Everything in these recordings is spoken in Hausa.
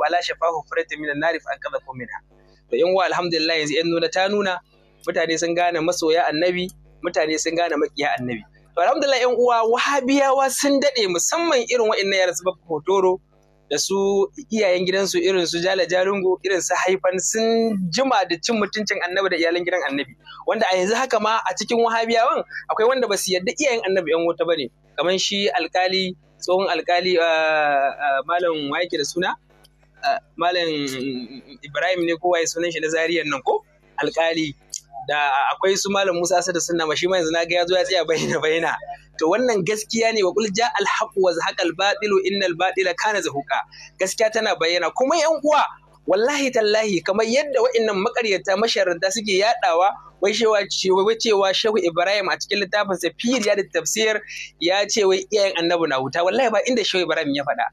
wa ala shafahu furatin minan narif an kaza ko minha to yan wa alhamdulillah yanzu yan nuna ta nuna mutane sun gane masoya annabi mutane sun gane makiya annabi to alhamdulillah yan uwa wahabiyawa sun dade musamman irin wa'annan yaran su bakka hotoro da su iyayen gidansu irin su jala jarungo irin su haifan sun jima da cin mutuncin annabi da iyalan gidan annabi wanda a yanzu haka ma a cikin wahabiyawan akwai wanda ba su yarda iyayen annabi yan wuta ne. kamar shi alkali tsohon alkali ah, ah, malam wake da suna malam ibrahim ne kowa ya sunan shi na zariyar nan ko alkali da akwai su malam musa asad da sunna shi ma yanzu na ga yazo ya tsaya bayyana bayyana to wannan gaskiya ne wa kulja ja wa zahaqa batilu innal batila kana zahuqa gaskiya tana bayyana kuma yan uwa wallahi tallahi kamar yadda wa'annan makaryata masharanta suke yadawa wai cewa cewa shehu ibrahim a cikin littafin sa ya da tafsir ya ce wai iyayen annabi na huta. wallahi ba inda shehu ibrahim ya faɗa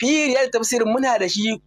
firiya da tafsir muna da shi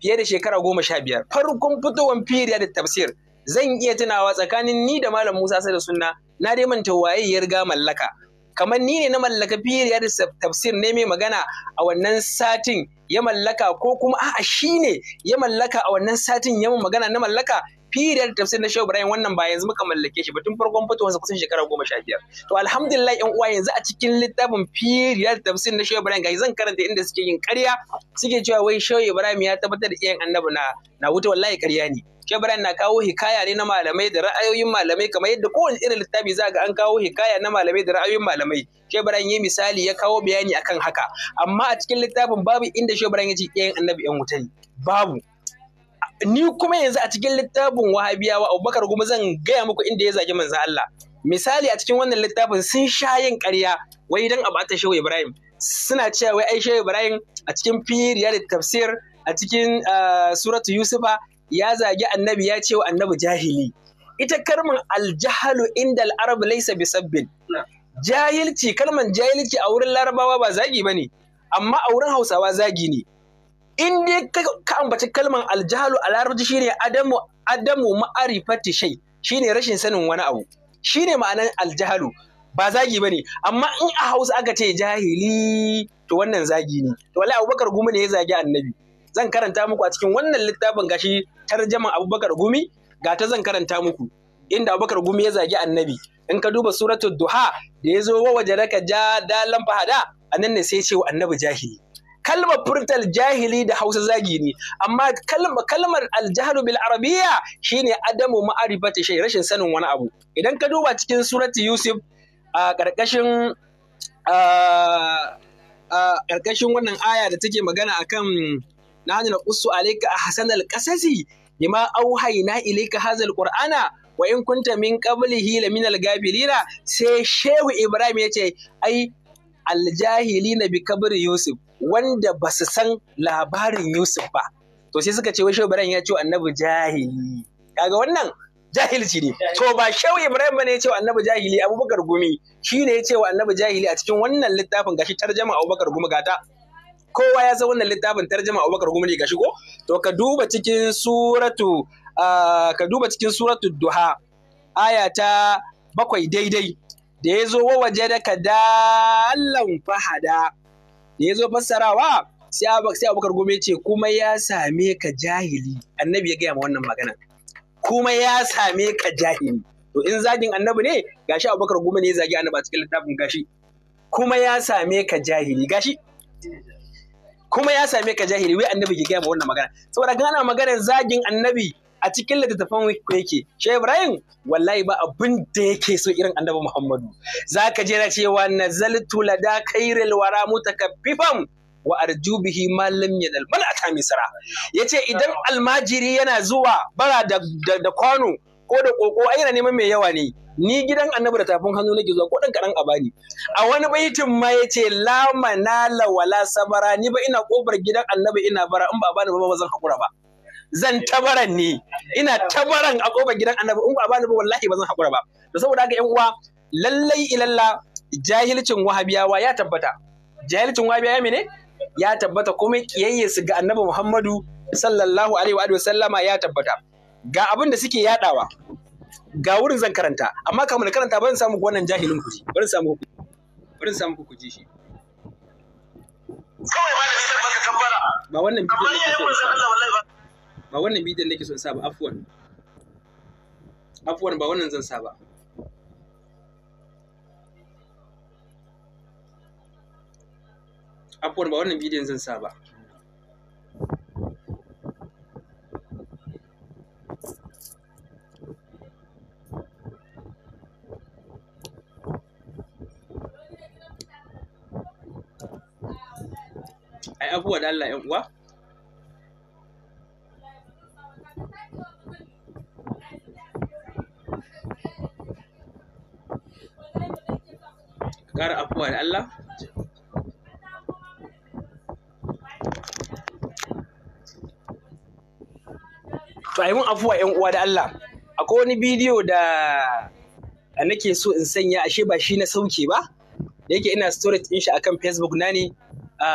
fiye da shekara goma sha biyar farkon fitowar firiya da tafsir zan iya tunawa tsakanin ni da malam musa sai da sunna na dai manta waye ya riga mallaka kamar ni ne na mallaka firiya da tafsir ne mai magana a wannan satin ya mallaka ko kuma a'a shi ne ya mallaka a wannan satin ya magana na mallaka period tafsir na Shehu Ibrahim wannan ba yanzu muka mallake shi ba tun farkon fitowarsa kusan shekara goma sha biyar to alhamdulillah yan uwa yanzu a cikin littafin period tafsir na Shehu Ibrahim ga zan karanta inda suke yin ƙarya suke cewa wai Shehu Ibrahim ya tabbatar da iyayen annabi na na wuta wallahi ƙarya ne Shehu Ibrahim na kawo hikaya ne na malamai da ra'ayoyin malamai kamar yadda kowane irin littafi za ga an kawo hikaya na malamai da ra'ayoyin malamai Shehu Ibrahim ya misali ya kawo bayani akan haka amma a cikin littafin babu inda Shehu Ibrahim ya ce iyayen annabi yan wuta ne babu ni kuma yanzu a cikin littafin wahabiyawa abubakar kuma zan gaya muku inda ya zagi manzo Allah misali a cikin wannan littafin sun sha yin ƙarya wai dan a bata shehu ibrahim suna cewa wai ai shehu ibrahim a cikin firiya da tafsir a cikin ah, suratu yusufa ya zagi annabi ya ce wa annabi jahili ita kalmar aljahalu inda al'arab laisa bisabbin jahilci kalmar jahilci a wurin larabawa ba zagi bane amma a wurin hausawa zagi ne in dai ka ambaci kalman aljahalu a larabci shine adamu adamu ma'arifati shay shine rashin sanin wani abu shine ma'anar aljahalu ba zagi ba ne, amma in a Hausa aka ce jahili to wannan zagi ne to wallahi Abubakar Gumi ne ya zagi annabi zan karanta muku a cikin wannan littafin gashi tarjaman Abubakar Gumi ga ta zan karanta muku inda Abubakar Gumi ya zagi annabi in ka duba suratul duha da ya zo wa wajaraka ja dalan fahada anan ne sai ce wa annabi jahili kalmar furta aljahili da hausa zagi ne amma kalmar aljahalu bil arabiya shine adamu ma'arifati shay rashin sanin wani abu idan ka duba cikin surati yusuf a karkashin a karkashin wannan aya da take magana akan nahnu naqussu alayka ahsanal qasasi bima auhayna ilayka hadzal qur'ana wa in kunta min qablihi min algabilina sai shehu ibrahim yace ai aljahilina bi kabri yusuf wanda ba su san labarin Yusuf ba to sai suka ce wai Shehu Ibrahim ya ce annabi jahili kaga wannan jahilci ne to ba Shehu Ibrahim bane ya ce annabi jahili Abubakar Gumi shi ne ya ce wa annabi jahili a cikin wannan littafin gashi tarjama Abubakar Gumi gata kowa ya san wannan littafin tarjama Abubakar Gumi ne gashi ko to ka duba cikin suratu ka duba cikin suratu Duha aya ta bakwai daidai da ya zo wa waje da ka dalan fahada da ya zo fassarawa sai abubakar gome ce kuma ya same ka jahili annabi ya gaya ma wannan magana kuma ya same ka jahili to in zagin annabi ne gashi abubakar gome ne ya zagi annabi a cikin littafin gashi kuma ya same ka jahili gashi kuma ya same ka jahili wai annabi ke gaya ma wannan magana saboda gana maganar zagin annabi a cikin littattafan ku yake shi ibrahim wallahi ba abin da yake so irin annabi muhammadu zaka je na cewa nazaltu lada kairil wara mutakaffifan wa arjubihi malam ya dalmal a Ya yace idan almajiri yana zuwa bara da kwano ko da koko yana neman mai yawa ne ni gidan annabi da tafin hannu nake zuwa ko dan karan a bani a wani baitin ma yace la manala wala sabara ni ba ina kofar gidan annabi ina bara in ba bani ba ba zan hakura ba zan tabaran ne ina tabaran a kofar gidan annabi in ba bani ba wallahi ba zan haƙura ba to saboda haka yan uwa lallai ilalla jahilcin wahabiyawa ya tabbata jahilcin wahabiyawa mene ya tabbata kuma kiyayye su ga annabi Muhammadu sallallahu alaihi wa sallama ya tabbata ga abin da suke yadawa ga wurin zan karanta amma kamar na karanta bari samu wannan jahilin kuji bari samu ku bari samu ku kuji shi kawai ba da sai baka ba wannan bidiyo ne ba wannan bidiyon nake son sa ba afwan afwan ba wannan zan sa ba afwan ba wannan bidiyon zan sa ba ai abubuwa da Allah 'yan uwa ƙara afuwa da Allah to ai mun afuwa yan uwa da Allah akwai wani bidiyo da nake so in sanya ashe ba shi na sauke ba yake ina storage din shi akan Facebook na ne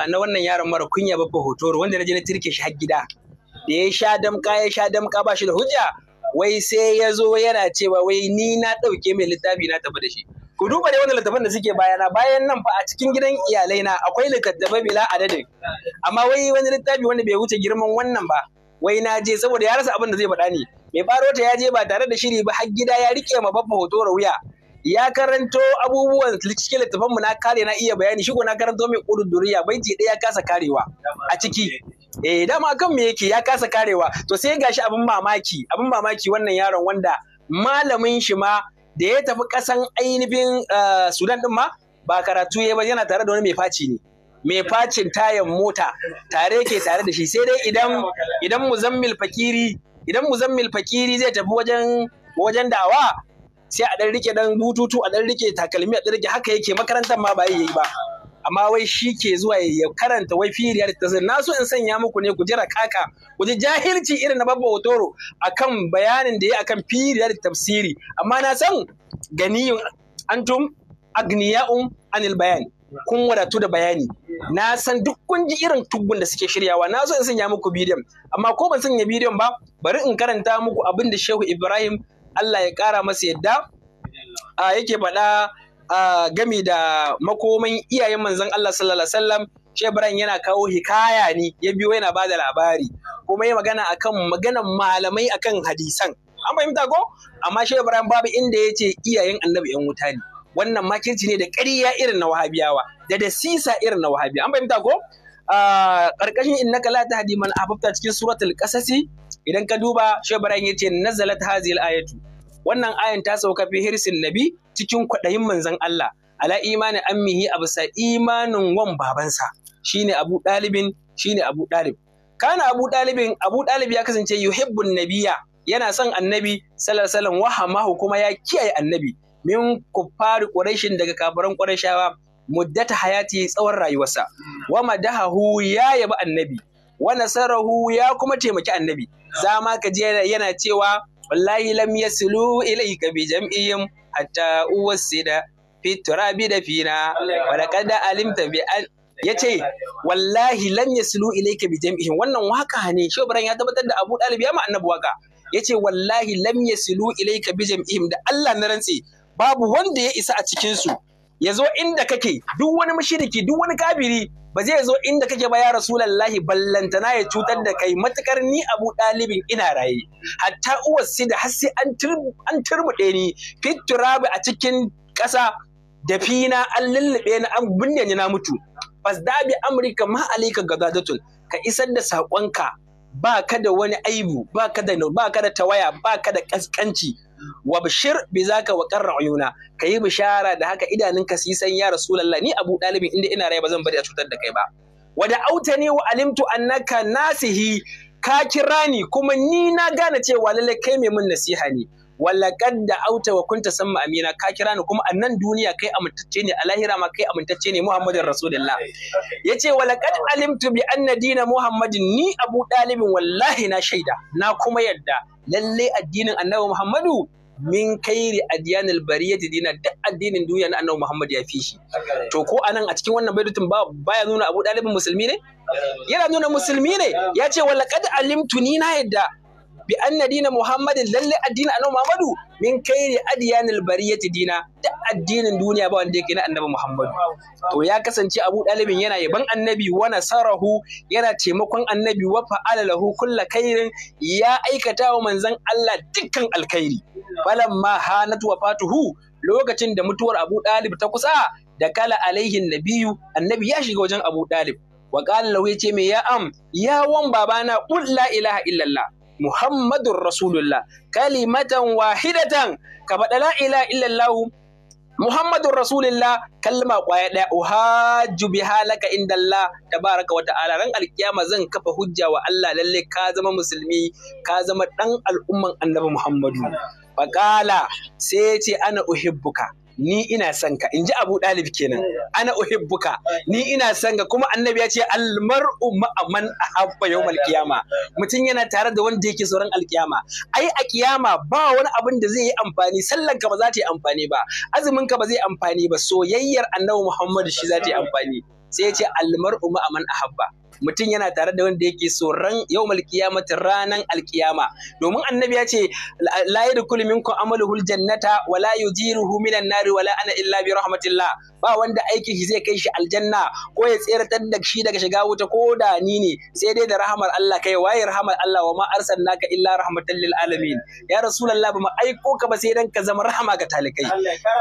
na wannan yaron mara kunya babba hoto. wanda na je na tirke shi har gida da ya sha damka ya sha damka ba shi da hujja wai sai ya zo yana cewa wai ni na ɗauke mai littafi na tafi da shi ku duba dai wannan littafin da suke bayana bayan nan fa a cikin gidan iyalai na akwai littattafai bila adadin amma wai wani littafi wanda bai wuce girman wannan ba wai na je saboda ya rasa abin da zai faɗa ni. mai ta ya je ba tare da shiri ba har gida ya rike ma babba hoto wuya ya karanto abubuwan cikin littafan mu na kare na iya bayani shigo na karanto mai Bai baiti ɗaya ya kasa karewa a ciki eh dama kan me yake ya kasa karewa to sai gashi abin mamaki abin mamaki wannan yaron wanda malamin shi ma da ya tafi kasan ainihin eh, Sudan din ma ba karatu ya ba yana tare da wani mai faci ne mai facin tayan mota tare ke tare da shi sai dai idan idan muzammil fakiri idan muzammil fakiri zai tafi wajen wajen dawa sai a dan rike dan bututu a dan rike takalmi a dan rike haka yake makarantar ma ba yi ba amma wai shi ke zuwa ya karanta wai fiye da tasir na so in sanya muku ne ku jira kaka ku ji jahilci irin na babba otoro akan bayanin da ya akan fiye da tafsiri amma na san ganiyun antum agniya'un anil bayan kun wadatu da bayani na san duk kun ji irin tugun da suke shiryawa na so in sanya muku bidiyon amma ko ban sanya bidiyon ba bari in karanta muku abin da shehu ibrahim allah ya kara masa yadda yake faɗa game da makoman iyayen manzon Allah sallallahu alaihi wasallam yana kawo hikaya ne ya biyo yana ba da labari kuma ya magana akan maganan malamai akan hadisan an fahimta ko amma Shebran babu inda ya ce iyayen annabi yan wuta ne wannan makirci ne da ƙarya irin na wahabiyawa da da sisa irin na wahabiya an fahimta ko ƙarƙashin innaka la tahdi man ahbabta cikin suratul qasasi idan ka duba na yace nazalat hazil ayatu wannan ayan ta sauka fi hirsin nabi cikin kwaɗayin manzon Allah ala imanin ammihi a bisa imanin wan babansa shine Abu shine Abu ɗalib. kana Abu ɗalibin Abu ɗalib ya kasance yuhibbun nabiya" yana son annabi sallallahu alaihi wasallam kuma ya kiyaye annabi min kuffari quraishin daga kafiran qurayshawa muddata hayati tsawon rayuwarsa wa madahahu ya yabi annabi wa nasarahu ya kuma taimaki annabi zama ka yana cewa wallahi lam yasilu ilayka bi jam'iyyin hatta uwassida fi turabi da fina walaqad alimta bi an yace wallahi lam yasilu ilayka bi jam'iyyin wannan waka ne shi ya tabbatar da Abu Dalib ya ma annabi waka yace wallahi lam yasilu ilayka bi jam'iyyin da Allah na rantsi babu wanda ya isa a cikin su yazo inda kake duk wani mushriki duk wani kafiri ba zai zo inda kake ba ya rasulallahi ballantana ya cutar da kai matukar ni abu ɗalibin ina raye hatta uwar si da har sai an turbuɗe ni fiturabi a cikin ƙasa da fina an lullube ni an binne ni na mutu fasdabi amurka ma alika gazadatun ka isar da saƙonka ba ka da wani aibu ba ka da tawaya ba ka da ƙasƙanci bishir bi zaka wa qarra uyuna kayi bishara da haka idanunka su yi san ya rasulullah ni abu dalibin inda ina rai ba zan bari a cutar da kai ba wada autani wa alimtu annaka nasihi ka kira ni kuma ni na gane cewa lallai kai mai mun nasiha ne walaƙad da auta wa kunta samma amina ka kira ni kuma a nan duniya kai amintacce ne a lahira ma kai amintacce ne muhammadin rasulullah ya ce walaƙad alimtu bi anna dina muhammadin ni abu dalibin wallahi na shaida na kuma yadda lalle addinin annabi muhammadu min kairi adiyanil bariyat dina duk addinin duniya na annabi muhammad ya fi shi to ko anan a cikin wannan baitin ba baya nuna abu dalibin musulmi ne yana nuna musulmi ne ya ce kad alimtu ni na yadda bi anna dina muhammadin lalle addini annabi muhammadu min kairi adiyanil bariyati dina da addinin duniya ba wanda yake na annabi muhammadu to ya kasance abu dalibin yana yaban annabi wa nasarahu yana taimakon annabi wa fa'ala lahu kulla kairin ya aikata wa manzon Allah dukkan alkhairi falamma hanat wafatuhu lokacin da mutuwar Abu Dalib ta kusa da kala alaihin nabiyu annabi ya shiga wajen Abu Dalib wa qala lahu yace me ya am ya wan babana qul la ilaha illallah Muhammadun Rasulullah kalimatan wahidatan ka faɗa la ila illallahu Muhammadun Rasulullah kalma kwaya ɗaya uhajju biha halaka inda Allah baraka wa ta'ala ran alkiyama zan kafa hujja wa Allah lalle ka zama musulmi ka zama ɗan al'umman annabi Muhammadu. Faƙala sai ce ana uhibbuka ni ina son ka ji Abu Dalib kenan ana uhibbuka ni ina son ka kuma annabi ya ce almar'u ma'aman man ahabba yawm alqiyama mutum yana tare da wanda yake sauran alkiyama ai a kiyama ba wani abin da zai yi amfani sallan ka ba za ta yi amfani ba azumin ka ba zai amfani ba soyayyar annabi Muhammad shi za ta yi amfani sai ya ce almar'u ma'aman ahabba mutum yana tare da wanda yake tsoron ran yawmal ranar ranar alkiyama domin annabi ya ce la yadkhulu minkum Hul jannata wala yujiruhu minan nari wa ana illa bi rahmatillah ba wanda aikin shi zai kai shi aljanna ko ya tseratar da shi daga shiga wuta ko da ni ne sai dai da rahamar Allah kai waye rahamar Allah wa ma arsalnaka illa rahmatan lil alamin ya rasulullah ba mu aiko ka ba sai dan ka zama rahama ga talikai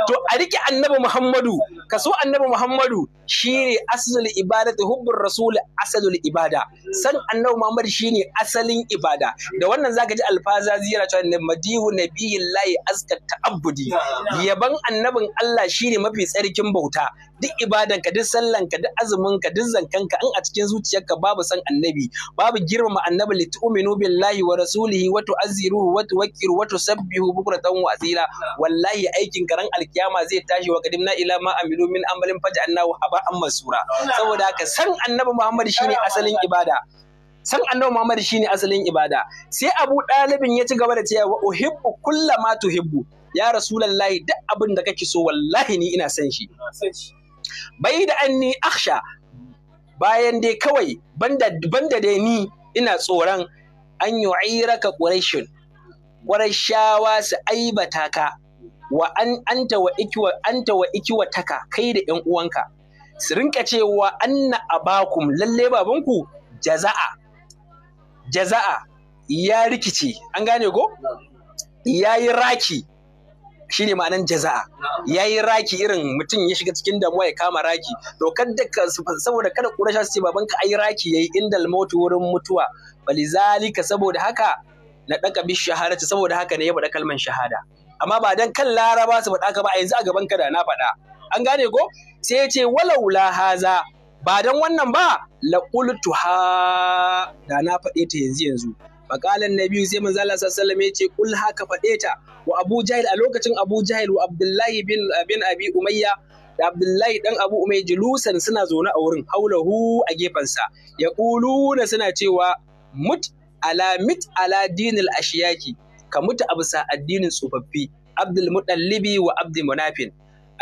to a rike annabi Muhammadu ka so annabi Muhammadu ne asalul ibadatu hubbur rasul asal as'alul ibada san annabi Muhammad shine asalin ibada da wannan zaka ji alfaza ziyara ta ne madihu nabiyillahi azka ta'abbudi yaban annabin Allah shine mafi tsarkin bauta duk ibadan ka duk sallan ka duk azumin ka duk zankan ka in a cikin zuciyarka babu san annabi babu girmama annabi li tu'minu billahi wa rasulihi wa tu'azziruhu wa tuwakkiru wa tusabbihu bukratan wa asila wallahi aikin karan alkiyama zai tashi wa kadimna ila ma amilu min amalin faj'alnahu haba'an mansura saboda haka san annabi Muhammad shine asalin ibada san annabi Muhammad shine asalin ibada sai Abu Dalibin ya ci gaba da cewa uhibbu kullama tuhibbu ya rasulallahi duk abin da kake so wallahi ni ina san shi bai da anni aksha. bayan dai kawai banda da ni ina tsoron an yu'iraka ƙwarashin ƙwarashawa su aibata ka wa an anta wa ikiwa taka kai da 'yan uwanka su rinka cewa an anna abakum lalle babanku jaza'a jaza'a ya rikici. an gane ko ya yi raki shine ma'anan jaza'a yayi raki irin mutum ya shiga cikin damuwa ya kama raki to kada saboda kada kurasha su ce babanka ai raki yayi indal mautu wurin mutuwa balizalika saboda haka na daka bi shahadati saboda haka ne ya bada kalman shahada amma ba dan kan laraba su bada ka ba a yanzu a gaban ka da na faɗa an gane ko sai ya ce walaula haza ba dan wannan ba la ha da na faɗe ta yanzu yanzu faqalan nabi sai manzo Allah sallallahu alaihi wasallam ya ce kul haka faɗe ta wa Abu Jahil a lokacin Abu Jahil wa Abdullahi bin bin Abi Umayya da Abdullahi dan Abu Umayya julusan suna zaune a wurin haulahu a sa, ya ƙuluna suna cewa mut ala mit ala dinil ashiyaki ka mutu a bisa addinin tsofaffi Abdul Muɗallibi wa Abdul Munafin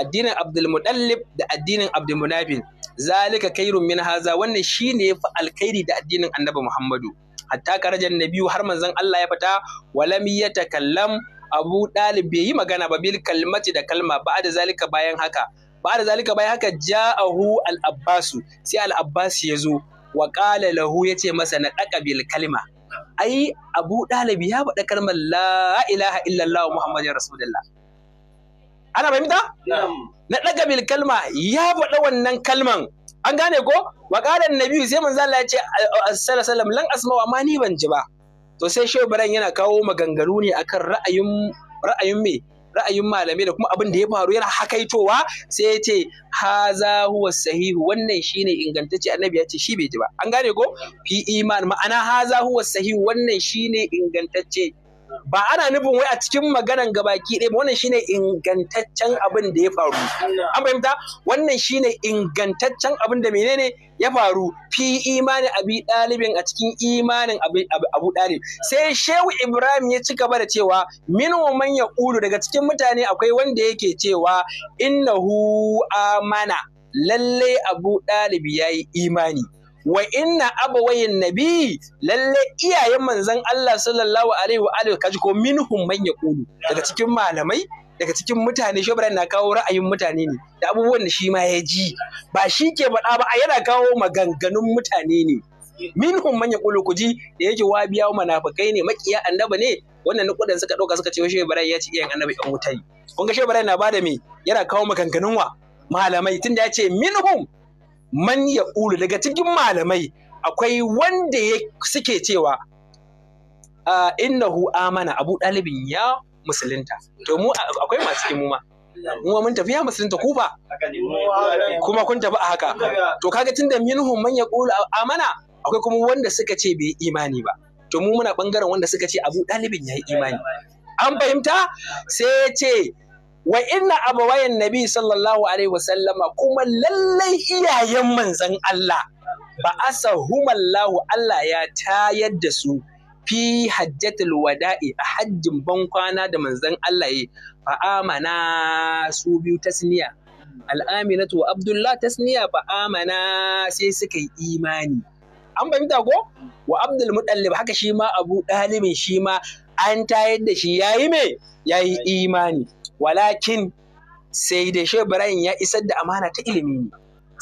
addinin Abdul Muɗallib da addinin Abdul Munafin zalika kairun min haza wannan shine fa alkhairi da addinin Annabi Muhammadu hatta karajan nabiyu har manzon Allah ya fita walam yatakallam abu dalib bai yi magana ba bil kalmati da kalma ba da zalika bayan haka ba da zalika bayan haka ja'ahu al-abbasu sai al-abbas ya zo wa qala lahu yace masa na daka bil kalma ai abu dalib ya faɗa kalmar la ilaha illallah Muhammadur rasulullah ana fahimta na daga bil kalma ya faɗa wannan kalman an gane ko wa qala annabi sai manzo Allah ya ce sallallahu alaihi wasallam lan asma wa ma ni ban ji ba to sai shehu ibrahim yana kawo maganganu ne akan ra'ayin ra'ayin me ra'ayin malamai da kuma abin da ya faru yana hakaitowa sai ya ce haza huwa sahihu wannan shine ingantacce annabi ya ce shi bai ji ba an gane ko fi iman ma'ana haza huwa sahihu wannan shine ingantacce ba ana nufin wai a cikin maganan gabaki ɗaya wannan shine ingantaccen abin da ya faru an fahimta wannan shine ingantaccen abin da menene ya faru fi imani abi ɗalibin a cikin imanin abu ɗalib sai shehu ibrahim ya ci gaba da cewa min man ya ulu daga cikin mutane akwai wanda yake cewa innahu amana lalle abu ɗalib ya yi imani wa inna abawayin nabi lalle iyayen manzon Allah sallallahu alaihi wa alihi kaji ko minhum man yaqulu daga cikin malamai daga cikin mutane shi na kawo ra'ayin mutane ne da abubuwan da shi ma ya ji ba shi ke faɗa ba a yana kawo maganganun mutane ne minhum man yaqulu kuji da yake wa biya munafikai ne makiya annaba ne wannan nukudan suka dauka suka ce wa bara ya ci iyayen annabi yan wutai kun ga na bada me yana kawo maganganun wa malamai tunda ya ce minhum man ya ƙulu daga cikin malamai akwai wanda ya suke cewa ah, innahu amana abu ɗalibin ya musulunta to mu akwai masu cikin mu ma mu mun tafi musulunta ku ba kuma kun tafi a haka to kaga tunda minhum man ya ƙulu amana akwai kuma wanda suka ce bai imani ba to mu muna bangaren wanda suka ce abu ɗalibin ya yi imani an fahimta sai ce wa inna wayan nabi sallallahu alaihi wasallama kuma lallai iyayen manzan Allah ba asa humallahu Allah ya tayar da su fi hajjatul wada'i a hajjin bankwana da manzan Allah yi fa amana su biyu tasniya al'aminatu wa abdullah tasniya fa amana sai suka yi imani an fahimta ko wa abdul mutallib haka shi ma abu dalibin shi ma an tayar da shi yayi me yayi imani walakin sai da shi Ibrahim ya isar da amana ta ilimi ne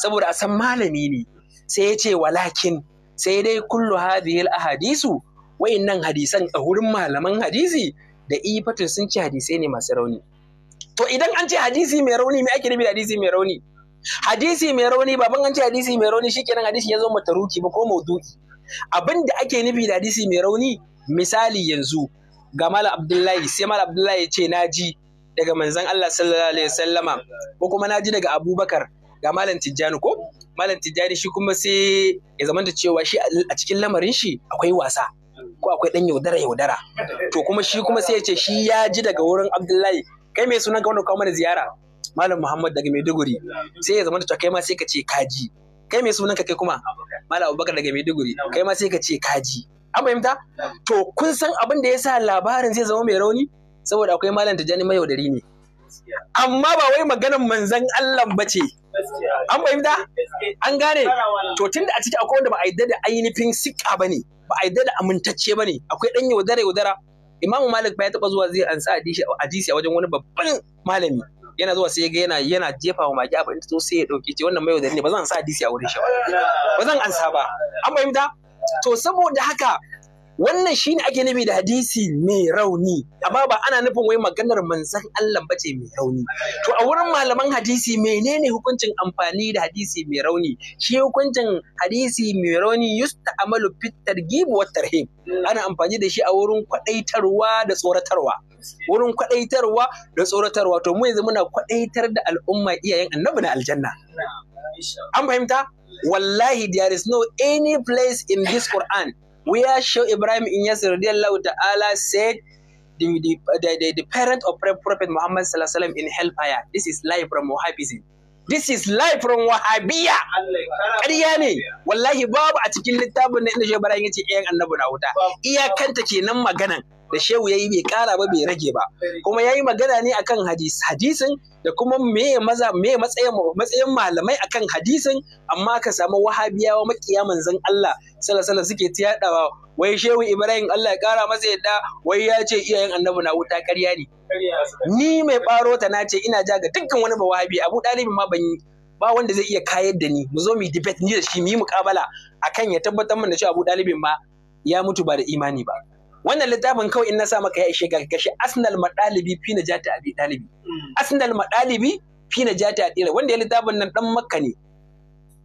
saboda a san malami ne sai ya ce walakin sai dai kullu hadhihi ahadisu wayannan hadisan a wurin malaman hadisi da ifatun sun ce hadisai ne masu rauni to idan an ce hadisi mai rauni me ake nufi da hadisi mai rauni hadisi mai rauni baban an ce hadisi mai rauni shikenan hadisi ya zo mataruki ba ko maudu'i abin da ake nufi da hadisi mai rauni misali yanzu ga Malam Abdullahi sai Malam Abdullahi ya ce na ji daga manzon Allah sallallahu alaihi wasallama ko kuma na ji daga Abubakar ga Malam Tijjani ko Malam Tijjani shi kuma sai ya zamanta cewa shi a cikin lamarin shi akwai wasa ko akwai dan yaudara yaudara to kuma shi kuma sai ya ce shi ya ji daga wurin Abdullahi kai mai sunan ka wanda kawo mana ziyara Malam Muhammad daga Maiduguri sai ya zamanta cewa kai ma sai ka ce kaji kai mai sunan ka kai kuma Malam Abubakar daga Maiduguri kai ma sai ka ce kaji an fahimta to kun san abin da ya sa labarin zai zama mai rauni saboda akwai malam jani mai yaudari ne amma ba wai maganan manzan Allah ba ce an da an gane to tun da a ciki akwai wanda ba a yi da ainihin siƙa ba ne ba a yi da amintacce ba ne akwai ɗan yaudara yaudara imamu malik ba ya taɓa zuwa zai ansa adisi a wajen wani babban malami yana zuwa sai ga yana yana jefa wa magi abin to sai ya dauke ce wannan mai yaudari ne ba zan ansa hadisi a wurin shi ba zan ansa ba an fahimta to saboda haka wannan shine ake nufi da hadisi mai rauni amma ba ana nufin wai maganar manzon Allah bace mai rauni to a wurin malaman hadisi menene hukuncin amfani da hadisi mai rauni shi hukuncin hadisi mai rauni amalu fit targhib wa tarhib ana amfani da shi a wurin kwadaitarwa da tsoratarwa wurin kwadaitarwa da tsoratarwa to mu yanzu muna kwadaitar da al'umma iyayen annabi na aljanna an fahimta wallahi there is no any place in this Quran where Sheikh Ibrahim Inyas radiallahu ta'ala said, the, the, the, the, parent of Prophet Muhammad sallam, in hellfire. This is life from Wahhabism. This is life from Wahhabiyya. Ƙarya ne, wallahi babu a cikin littafin na inda Shehu Ibrahim ya ce ‘yan annabu na wuta. Iyakanta kenan maganan. da shehu ya yi bai kara ba bai rage ba kuma ya yi magana ne akan hadis hadisin da kuma me maza me matsayin matsayin malamai akan hadisin amma ka samu wahabiyawa makiya manzon Allah sallallahu suke ta yadawa wai shehu Ibrahim Allah ya kara masa yadda wai ya ce iyayen annabi na wuta ƙarya ne ni mai baro ta nace ina ja ga dukkan wani wahabi Abu dalibi ma ban ba wanda zai iya kayar da ni mu zo mu debate ni da shi mu yi muƙabala akan ya tabbatar mana cewa Abu dalibin ma ya mutu ba da imani ba wannan littafin kawai in na sa maka ya ishe ga kashi asnal madalibi fi na a bi dalibi hmm. asnal madalibi fi na a adira wanda ya littafin nan dan makka ne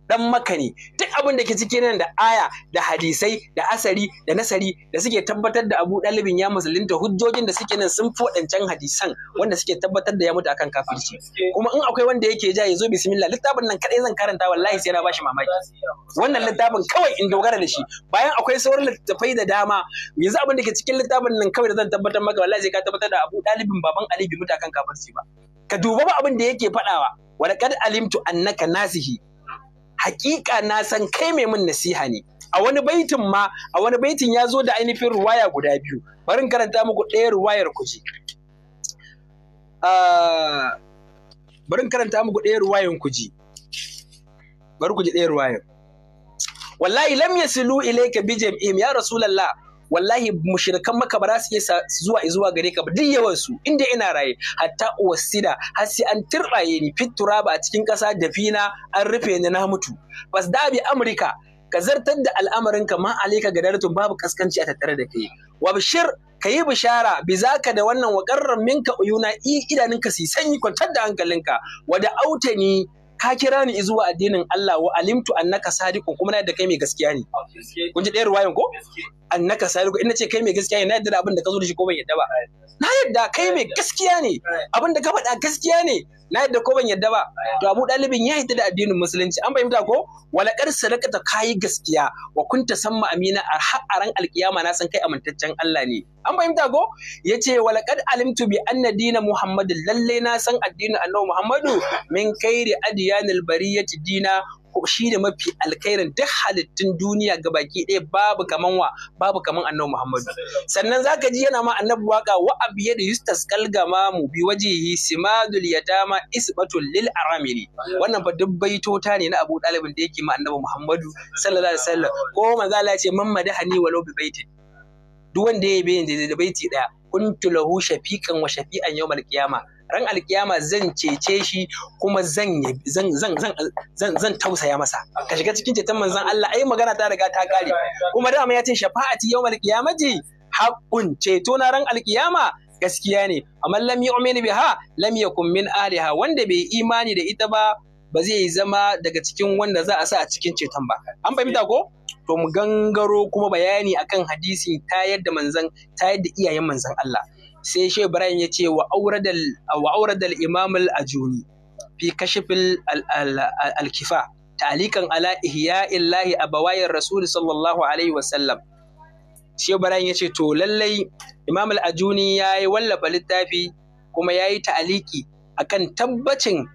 dan maka ne duk abin da ke cikin nan da aya da hadisai da asari da nasari da suke tabbatar da abu dalibin ya musulunta hujjojin da suke nan sun fodancan hadisan wanda suke tabbatar da ya mutu akan kafirci kuma in akwai wanda yake ja yazo zo bismillah littafin nan kadai zan karanta wallahi sai na bashi mamaki wannan littafin kawai in dogara da shi bayan akwai sauran littafai da dama yanzu abin da ke cikin littafin nan kawai da zan tabbatar maka wallahi sai ka tabbatar da abu dalibin baban ali bi mutu akan kafirci ba ka duba ba abin da yake faɗawa laqad alimtu annaka nasihi hakika na san kai mai min nasiha ne a wani baitin ma a wani baitin ya zo da ainihin ruwaya guda biyu bari in karanta muku ɗaya ruwayar ku ji ah, bari in karanta muku ɗaya ruwayar ku ji bari ku ji ɗaya ruwayar wallahi lam yasilu ilayka bi jam'im ya rasulullah wallahi mushirikan maka ba za su iya zuwa zuwa gare ka ba duk yawan su inda ina raye hatta wasida har sai an turbaye ni fitura ba a cikin kasa da fina an rufe ni na mutu bas dabi amurka ka zartar da ka ma alika ga daratun babu kaskanci a tattare da kai wa bashir ka yi bishara bi zaka da wannan waƙarrar minka uyuna ka su sanyi kwantar da hankalinka wada auta ni ka kira ni zuwa addinin Allah wa alimtu annaka sadiqun kuma na da kai mai gaskiya ne kun ji ɗaya ruwayan ko annaka saliku in nace kai mai gaskiya ne na yadda abin da ka zo da shi ko ban yadda ba na yadda kai mai gaskiya ne abin da ka faɗa gaskiya ne na yadda ko ban yadda ba to Abu Dalibin ya yadda da addinin musulunci an bayyana ko walakar sadaqata kayi gaskiya wa kunta samma amina a ran alkiyama na san kai amintaccen Allah ne an bayyana ko yace kad alimtu bi anna dina Muhammadu lalle na san addinin Annabi Muhammadu min kairi adiyanil bariyati dina shi ne mafi alkhairin duk halittun duniya ga baki ɗaya babu kaman wa babu kaman annabi Muhammadu sannan zaka ji yana ma annabi waka wa da yustas kalgama mu bi wajihi simadul yatama isbatul lil aramiri wannan fa duk baitota ne na Abu Dalibin da yake ma annabi Muhammadu sallallahu alaihi wasallam ko manzo Allah ya ce man madahani walau bi baitin duk wanda ya yi bayin da baiti daya kuntu lahu shafiqan wa shafi'an yawmal qiyamah ran alkiyama zan cece shi kuma zan zan zan zan zan tausaya masa ka shiga cikin ceton manzon Allah ai magana ta riga ta kare kuma dama ya ce shafa'ati yawmal qiyamati haqqun ceto na ran alkiyama gaskiya ne amma lam yu'minu biha lam yakun min aliha wanda bai imani da ita ba ba zai zama daga cikin wanda za a sa a cikin ceton ba an fahimta ko to mu gangaro kuma bayani akan hadisin ta yadda manzan ta yadda iyayen manzan Allah sai shi Ibrahim ya ce wa auradal imamul juni fi kashifil alkifa ta'alikan ala ihya illahi bawayin rasul sallallahu alaihi wasallam shi Ibrahim ya ce to lallai a ajuni ya yi wallafa littafi kuma ya yi ta'aliki akan tabbacin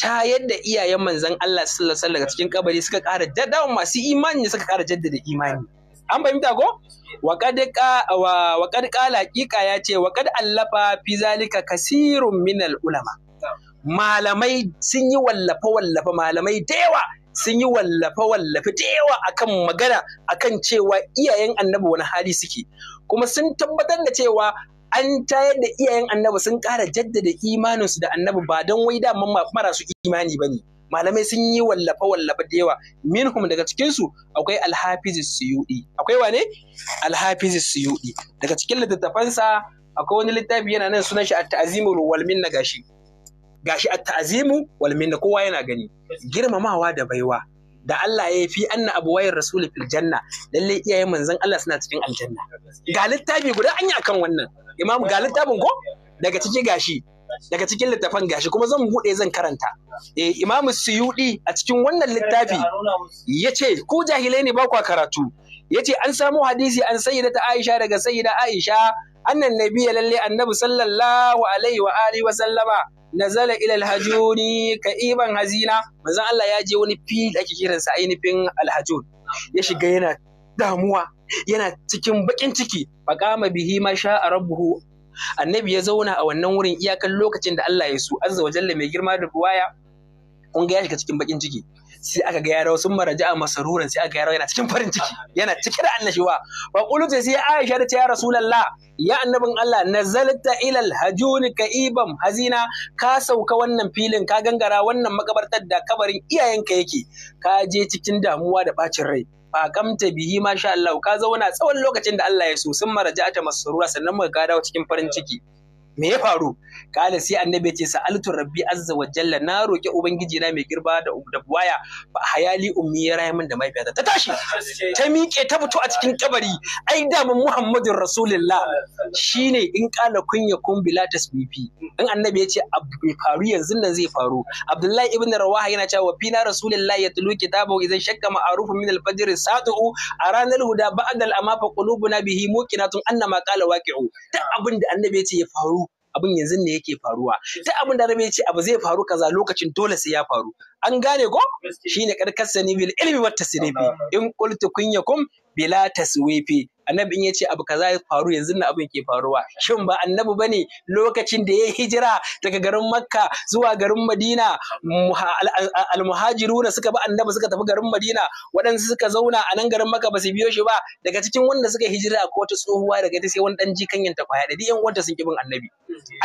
ta yadda iyayen manzon Allah sallallahu alaihi wasallam cikin kabari suka ƙara jaddada masu imani suka kara jaddada imani an fahimta ko wa ƙala ƙiƙa ya ce wa allafa fi zalika kasirun minal ulama malamai sun yi wallafa wallafa malamai da yawa sun yi wallafa wallafa da yawa akan magana akan cewa iyayen annabi wani hali suke kuma sun tabbatar da cewa an tayar da iyayen annabi sun ƙara jaddada imaninsu da annabi ba don wai da marasu imani ba ne. malamai sun yi wallafa wallafa da yawa minhum daga cikin su akwai alhafiz suyudi akwai wane alhafiz suyudi daga cikin littattafansa akwai wani littafi yana nan sunan shi at tazimu wal minna gashi gashi at-ta'zimu wal minna kowa yana gani girmamawa da baiwa da Allah ya fi anna abu wayar rasulu fil janna lalle iyayen manzon Allah suna cikin aljanna ga littafi guda anya akan wannan imam ga littafin ko daga ciki gashi daga cikin littafan gashi kuma zan buɗe zan karanta eh Imam Suyudi a cikin wannan littafi yace ku jahilai ne ba kwa karatu yace an samu hadisi an sayyidata Aisha daga sayyida Aisha annan nabiya lalle annabi sallallahu alaihi wa alihi wa sallama nazala ila alhajuni ka iban hazina manzon Allah ya je wani fili ake sa ainihin alhajun ya shiga yana damuwa yana cikin bakin ciki faqama bihi ma sha rabbuhu annabi ya zauna a wannan wurin iyakan lokacin da Allah ya so azza wa jalla mai girma da ruwaya kun ga ya shiga cikin bakin ciki sai aka ga yaro sun maraja a masaruran sai aka ga yaro yana cikin farin ciki yana cike da annashuwa wa qultu sai Aisha ta ce ya rasulullah ya annabin Allah nazalta ilal alhajun ka'ibam hazina ka sauka wannan filin ka gangara wannan makabartar da kabarin iyayenka yake ka je cikin damuwa da bacin rai fa kamta bihi masha Allah ka zauna tsawon lokacin da Allah ya so sun maraja ta masrura sannan muka ka dawo cikin farin ciki me ya faru kala sai annabi ya ce sa'altu rabbi azza wa jalla na roki ubangiji na mai girba da um, dabwaya fa hayali ummi ya raya min da mahaifiyata ta tashi ta miƙe ta fito a cikin kabari ai da mun muhammadin rasulullah shine in kala kunya kun bila tasbifi in annabi ya ce bai faru yanzu nan zai faru abdullahi ibn rawaha yana cewa fina rasulullah ya tulu kitabu idan shakka ma'arufun min al-fajr satu'u a ranar huda ba'dal amma fa qulubuna bihi muqinatun annama qala waqi'u duk abin da annabi ya ce ya faru abin yanzu ne yake faruwa ta abin da rabe ce abu zai faru kaza lokacin dole sai ya faru an gane ko shine karkasa bil ilmi wat tasrifi in qultu kunyakum bila taswifi annabi in ce abu kaza ya faru yanzu na abin ke faruwa shin ba annabi bane lokacin da ya hijira daga garin makka zuwa garin madina na suka bi annabi suka tafi garin madina waɗansu suka zauna a nan garin makka ba su biyo shi ba daga cikin wanda suka hijira ko wata tsohuwa daga ta sai wani dan kan yanta kwaya da yan wanda sun ki bin annabi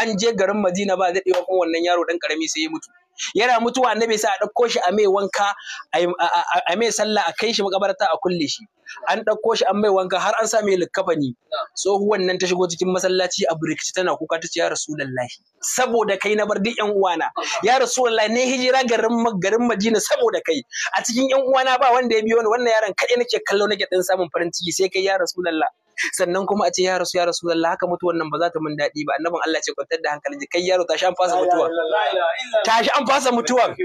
an je garin madina ba zai daɗewa kuma wannan yaro dan karami sai ya mutu yana mutuwa na bai sa a ɗauko shi a mai wanka a mai sallah a kai shi makabarta a kulle shi an ɗauko shi an mai wanka har an sa mai likkafani tsohuwan nan ta shigo cikin masallaci a burkici tana kuka ta ce ya rasulullahi saboda kai na bar duk yan uwana ya rasulullahi ne hijira garin garin Madina saboda kai a cikin yan uwana ba wanda ya biyo ni wannan yaron kaɗai nake kallo nake ɗan samun farin ciki sai kai ya rasulullahi sannan kuma a ce ya rasu ya rasu lalla haka mutuwan nan ba za ta mun daɗi ba annabin Allah ce kwantar da hankali kai yaro tashi an fasa mutuwa tashi an fasa mutuwa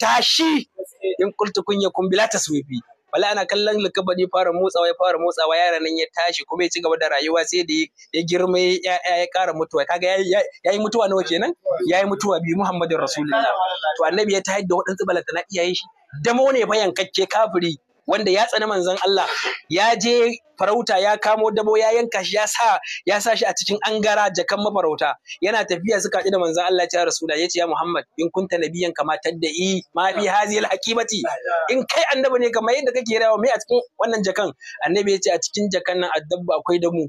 tashi in kultu kunya kun bila taswifi wala ana kallon likabani fara motsawa ya fara motsawa yaran nan ya tashi kuma ya ci gaba da rayuwa sai da ya girma ya ya ƙara mutuwa kaga yayi mutuwa nawa kenan ya yi mutuwa bi Muhammadu Rasulullah to annabi ya tayar da waɗansu balatana iyayen shi dama ne bayan kakke kafiri wanda ya tsani manzon Allah ya je farauta ya kamo dabo ya yanka shi ya sa ya sa shi a cikin angara jakan mafarauta yana tafiya suka haɗu da manzon Allah ya rasula ya ce ya Muhammad in kunta nabiyan kama tadda'i ma fi hazil hakimati in kai annabi ne kamar yadda kake rawa mai a cikin wannan jakan annabi ya ce a cikin jakan nan addabba akwai damu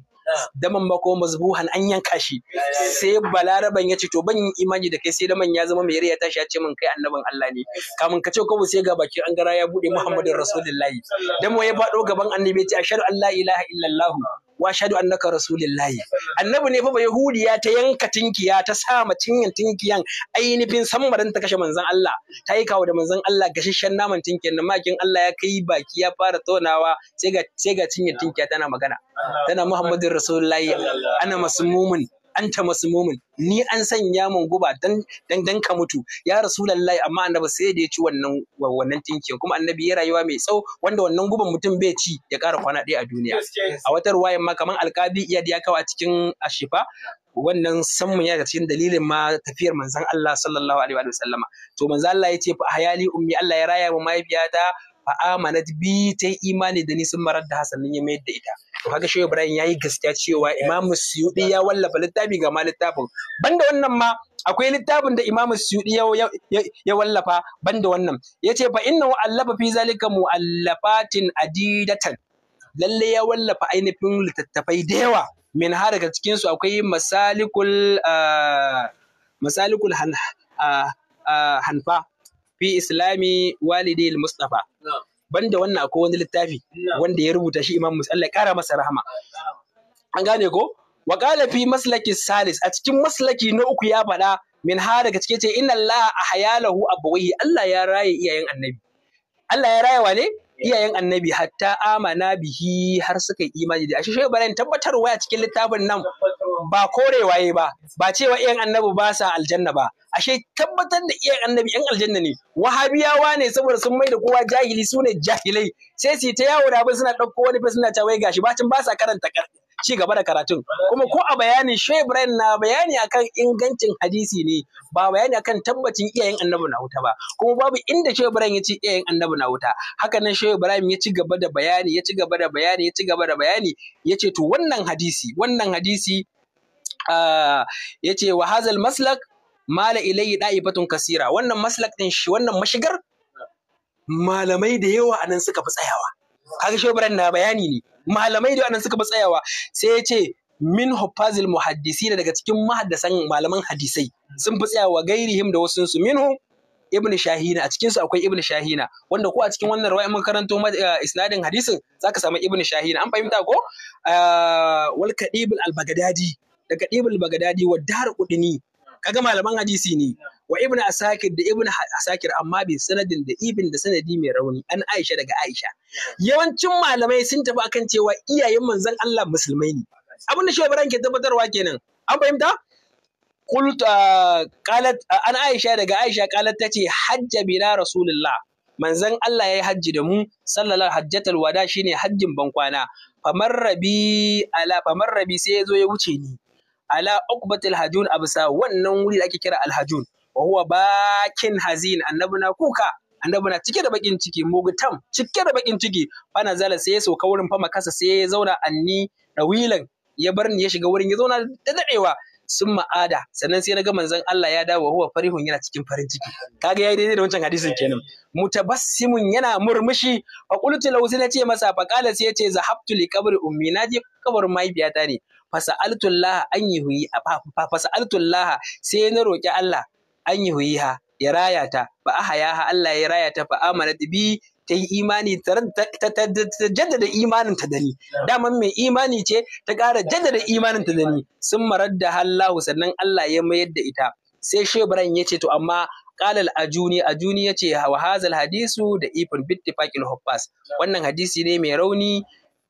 daman mako mazbuhan an yanka shi sai balaraban ya ce to ban imani da kai sai daman ya zama mai rai ya tashi ya ce min kai annabin Allah ne kamun ka ce kawai sai ga baki an gara ya bude Muhammadin Rasulullahi dan ya faɗo gaban annabi ya ce ashhadu an la ilaha illallah wa shahadu annaka rasulillahi annabi ne fa ba yahudiya ta yanka tinkiya ta sa ma cinyan tinkiyan ainihin sammarin ta kashe manzon Allah ta yi kawo da manzon Allah gashishan naman tinkiyan da makin Allah ya kai baki ya fara tonawa sai ga sai ga cinyan tinkiya tana magana tana Muhammadin rasulullahi ana masumumin An anta masmumin ni an sanya mun guba dan dan ka mutu ya rasulullahi amma annabi sai da ya ci wannan wannan tinkin kuma annabi ya rayuwa mai tsawo wanda wannan guban mutum bai ci ya ƙara kwana ɗaya a duniya a wata ruwayan ma kaman alƙabi iyad ya kawo a cikin ashifa wannan sammun yana cikin dalilin ma tafiyar manzon Allah sallallahu alaihi wa sallama to manzon Allah ya ce fa hayali ummi Allah ya raya mu mahaifiyata fa amanat bi ta imani da ni sun marar da hasanin ya mayar da ita to haka shehu ibrahim yayi gaskiya cewa imamu suyudi ya wallafa littafi ga ma littafin banda wannan ma akwai littafin da imamu suyudi ya wallafa banda wannan yace fa wa allafa fi zalika muallafatin adidatan lalle ya wallafa ainihin littattafai da yawa min har daga cikin su akwai masalikul ah, masalikul ah, ah, hanfa fi islami walidi mustafa banda wannan akwai wani littafi wanda ya rubuta shi Imam Allah ya kara masa rahama an gane ko wa qala fi maslaki salis a cikin maslaki na uku ya faɗa min ha daga cike ce inna Allah ahyalahu abawayhi Allah ya raye iyayen annabi Allah ya raye wane iyayen annabi hatta amana bihi har suka yi imani da shi shehu in tabbatarwa a cikin littafin nan ba korewa yayi ba ba cewa iyan annabi ba sa aljanna ba ashe tabbatar da iyan annabi yan aljanna ne wahabiyawa ne saboda sun mai da kowa jahili su ne jahilai sai su ta yawo da abin suna dauko wani fa suna ta wai gashi bacin ba sa karanta ci gaba da karatun kuma ko a bayani Shehu Ibrahim na bayani akan ingancin hadisi ne ba bayani akan tabbacin iyayen annabi na wuta ba kuma babu inda Shehu Ibrahim ya ce iyayen annabi na wuta haka nan Shehu Ibrahim ya ci gaba da bayani ya ci gaba da bayani ya ci gaba da bayani ya ce to wannan hadisi wannan hadisi yace wa hazal maslak mala ilayhi da'ibatun kasira wannan maslak din shi wannan mashigar malamai da yawa anan suka fi tsayawa kaga shobran na bayani ne malamai da yawa anan suka fi tsayawa sai ya ce min huffazil muhaddisi daga cikin mahaddasan malaman hadisai sun fi tsayawa gairihim da wasu su minhu ibn shahina a cikinsu akwai ibn shahina wanda ko a cikin wannan rawa mun karanto eh, isnadin hadisin zaka samu ibn shahina an fahimta ko ah, wal kadib al bagdadi daga Ibn Bagdadi wa Dar Qudni kaga malaman hadisi ne wa Ibn Asakir da Ibn Asakir amma bi sanadin da Ibn da sanadi mai rauni an Aisha daga Aisha yawancin malamai sun tafi akan cewa iyayen manzon Allah musulmai ne abin da Shaibaran ke tabbatarwa kenan an fahimta قلت قالت انا عائشه daga aisha قالت tace hajja bina rasulullah manzon Allah yayi hajji da mu sallallahu hajjatul wada shine hajjin bankwana famarrabi ala famarrabi sai yazo ya wuce ni ala uqbatil hajun absa wannan wuri da ake kira alhajun wa huwa bakin hazin annabi na kuka annabi na cike da bakin ciki mugutan cike da bakin ciki fana zala sai ya sauka wurin fama kasa sai ya zauna anni dawilan ya barni ya shiga wurin ya zauna da dadewa sun ma'ada sannan sai na ga manzon Allah ya dawo huwa farihun yana cikin farin ciki kaga yayi daidai da wancan hadisin kenan mutabassimun yana murmushi fa qultu lahu ce masa fa qala sai yace zahabtu li qabri ummi naje kabarin mahaifiyata ne fasa'altullah an yuhyi fasa'altullah sai na roki Allah an ha, ya raya ta fa ha, Allah ya raya ta fa amanat bi ta yi imani ta jaddada imanin ta dani daman mai imani ce ta ƙara jaddada imanin ta dani sun marar da hallahu sannan Allah ya mayar da ita sai shebran ya ce to amma qalal ajuni ajuni ya ce wa hazal hadisu da ifin bittifaqil huffas wannan hadisi ne mai rauni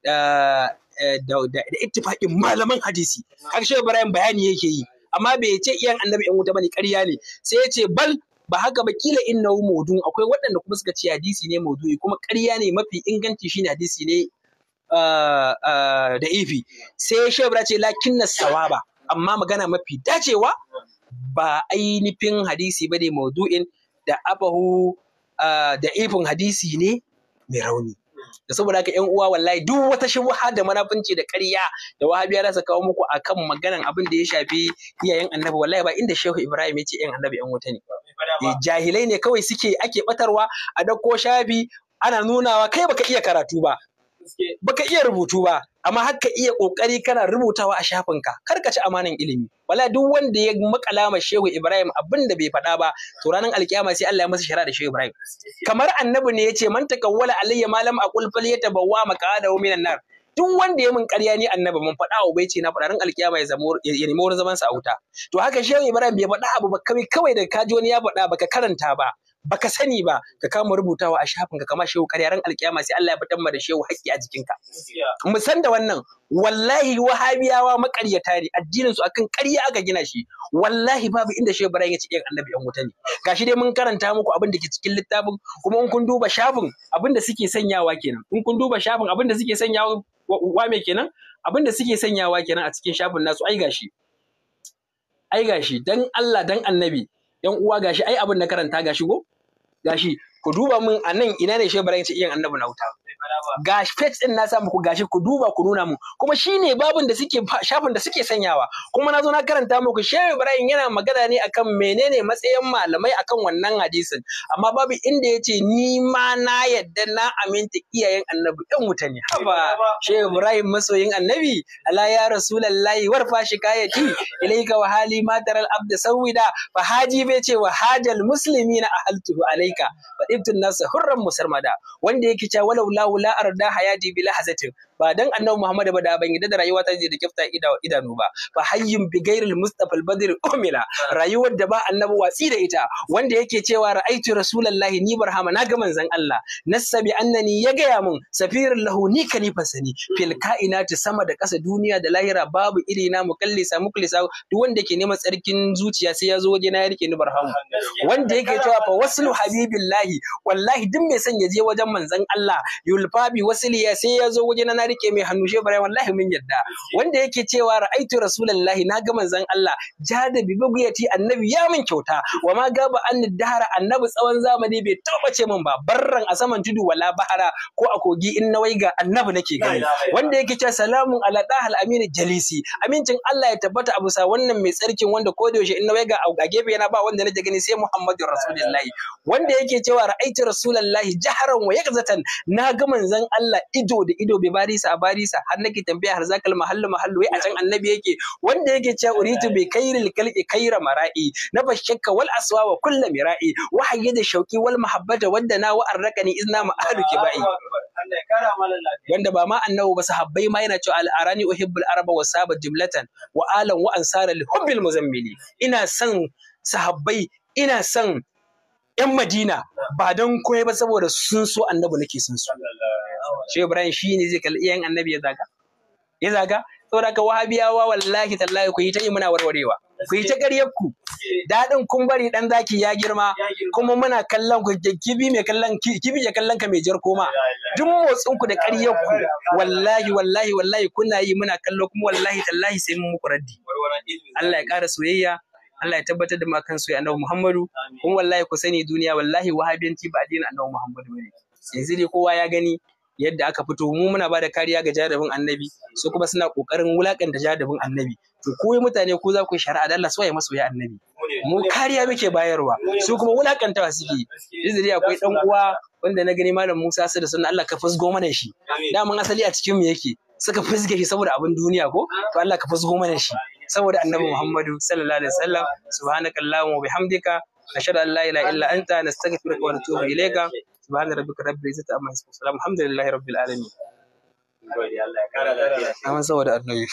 eh, Eh, da ittifaƙin malaman hadisi ƙarshe shehu ibrahim bayani yake yi amma bai ce iyan annabi in wuta bane ƙarya ne sai ya ce bal ba haka ba kila innahu maudu akwai waɗanda kuma suka ce hadisi ne maudu'i kuma ƙarya ne mafi inganci shine hadisi ne ah, ah, da ifi sai shehu ibrahim ce lakin na sawaba amma magana mafi dacewa ba ainihin hadisi bane maudu'in da abahu ah, da ifin hadisi ne mai rauni da saboda haka yan uwa wallahi duk wata shubha da manafinci da ƙarya da wahabiya za su kawo muku akan maganan abin da ya shafi iyayen annabi wallahi ba inda shehu ibrahim ya ce yan annabi yan wuta ne eh, jahilai ne kawai suke ake batarwa a dauko shafi ana nunawa kai baka iya karatu ba baka iya rubutu ba amma haka iya kokari kana rubutawa a shafin ka. kar ka ci amanan ilimi wala duk wanda ya makala ma shehu ibrahim abin da bai faɗa ba to ranar alkiyama sai Allah ya masa shara da shehu ibrahim kamar annabi ne yace man takawwala alayya malam aqul falyatabawwa maqadahu minan nar duk wanda ya mun ƙarya ni annabi mun faɗa wa bai ce na faɗa ran alkiyama ya zamo ya nemi wurin zaman sa a wuta to haka shehu ibrahim bai faɗa abu ba kawai kawai da kaji wani ya faɗa baka karanta ba baka sani ba ka kama rubutawa a shafin ka kama shehu ƙarya ran alƙiyama sai Allah ya fitar da shehu haƙƙi a jikinka mu san da wannan wallahi wahabiyawa maƙaryata ne addinin su akan ƙarya aka gina shi wallahi babu inda shehu Ibrahim ya ci yan annabi yan wuta ne gashi dai mun karanta muku abin da ke cikin littafin kuma in kun duba shafin abin da suke sanyawa kenan in kun duba shafin abin da suke sanyawa wa me kenan abin da suke sanyawa kenan a cikin shafin nasu ai gashi ai gashi dan Allah dan annabi yan uwa gashi ai abin na karanta gashi go Gagi, ku duba mun a nan ina ne shehu ibrahim iyan annabi na wuta ga page din na samu ku gashi ku duba ku nuna mu kuma shine babun da suke shafin da suke sanyawa kuma na zo na karanta muku Shehu Ibrahim yana magana ne akan menene matsayin malamai akan wannan hadisin amma babu inda yace ni ma na yadda na aminta iyayen annabi ɗan wuta ne haba Shehu Ibrahim masoyin annabi ala ya rasulullahi warfa shikayati ilayka wa hali ma taral abda sawida fa haji bai ce wa hajal muslimina ahaltu alayka ibtun nasa hurran musarmada wanda yake cewa walau la wala arda hayati bila hazatin ba dan annabi Muhammad ba da ban da rayuwa ta je da kifta idanu ba fa hayyun bi ghairil mustafa al badr umila rayuwar da ba annabi watsi da ita wanda yake cewa ra'aitu rasulullahi ni barhama na ga manzan Allah nasabi annani ya gaya mun safirul lahu ni kalifan sani fil kainati sama da kasa duniya da lahira babu iri na mukallisa muklisa duk wanda yake neman tsarkin zuciya sai ya zo waje na ya rike ni barhama wanda yake cewa fa waslu habibillahi wallahi duk mai son ya je wajen manzon Allah yulfabi bi wasliya sai ya zo waje na rike mai hannu shi Ibrahim wallahi mun yadda wanda yake cewa ra'aitu rasulullahi na ga manzon Allah jada bi buguyati annabi ya min kyauta wa ma gaba an dahara annabi tsawon zamani bai taba ce min ba barran a saman tudu wala bahara ko a kogi in na waiga annabi nake gani wanda yake cewa salamun ala dahal aminu jalisi amincin Allah ya tabbata abu sa wannan mai tsarkin wanda ko da yaushe in na waiga a gefe yana ba wanda nake gani sai muhammadur rasulullahi wanda yake cewa ra'aitu rasulullahi jaharan wa yakzatan na ga manzon Allah ido da ido bai bari barisa a barisa har nake tambaya har zakal mahallu mahallu wai a can annabi yake wanda yake cewa uritu bi kairil kalqi kaira mara'i na bashakka wal aswa wa kullu mira'i wa da shauki wal mahabbata wanda na wa arrakani izna ma bai. wanda ba ma annabi ba sahabbai ma yana cewa al'arani uhibbul araba wa sabat jumlatan wa alan wa ansara li hubbil muzammili ina son sahabbai ina son yan madina ba don koyi ba saboda sun so annabi nake son su shehu ibrahim shi ne zai kalli iyayen annabi ya zaga ya zaga saboda ka wahabiyawa wallahi tallahi ku yi ta yi muna warwarewa ku yi ta ƙaryarku daɗin kun bari ɗan zaki ya girma kuma muna kallon ku kibi mai kallon kibi ya kallon ka mai jar koma duk motsin ku da ƙaryarku wallahi wallahi wallahi kuna yi muna kallo kuma wallahi tallahi sai mun muku raddi Allah ya ƙara soyayya Allah ya tabbatar da makan soyayya annabi Muhammadu kuma wallahi ku sani duniya wallahi wahabiyanci ba addinin annabi Muhammadu bane yanzu ne kowa ya gani yadda aka fito mu muna bada kariya ga jarabin annabi su kuma suna kokarin wulakanta jarabin annabi to ko mutane ko za ku shari'a da Allah su waye annabi mu kariya muke bayarwa su kuma wulakantawa suke izuri akwai dan uwa wanda na gani malam Musa su da sunna Allah ka fusgo mana shi daman asali a cikin mu yake suka fusge shi saboda abin duniya ko to Allah ka fusgo mana shi saboda annabi Muhammadu sallallahu alaihi wasallam subhanakallahumma wa bihamdika ashhadu an la ilaha illa anta nastaghfiruka wa natubu ilayka subhana rabbika rabbil izzati amma yasifun alhamdulillahi rabbil alamin Amin saboda annabi.